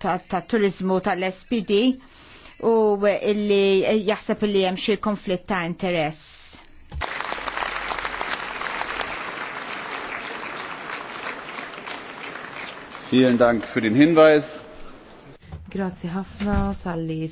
tal turizmu tal-SPD u illi jaħseb illi hemm xi konflitt ta' interess. Vielen Dank für den Hinweis. Grazie ħafna tal-li